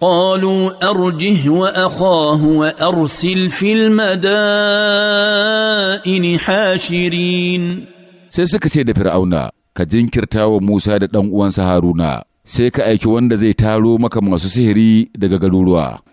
قالوا ارجه واخاه وارسل في المدائن حاشرين sai suka ce da fir'auna ka jinkirta wa Musa da ɗan uwansa Haruna sai ka aiki wanda zai taro maka masu sihiri daga garuruwa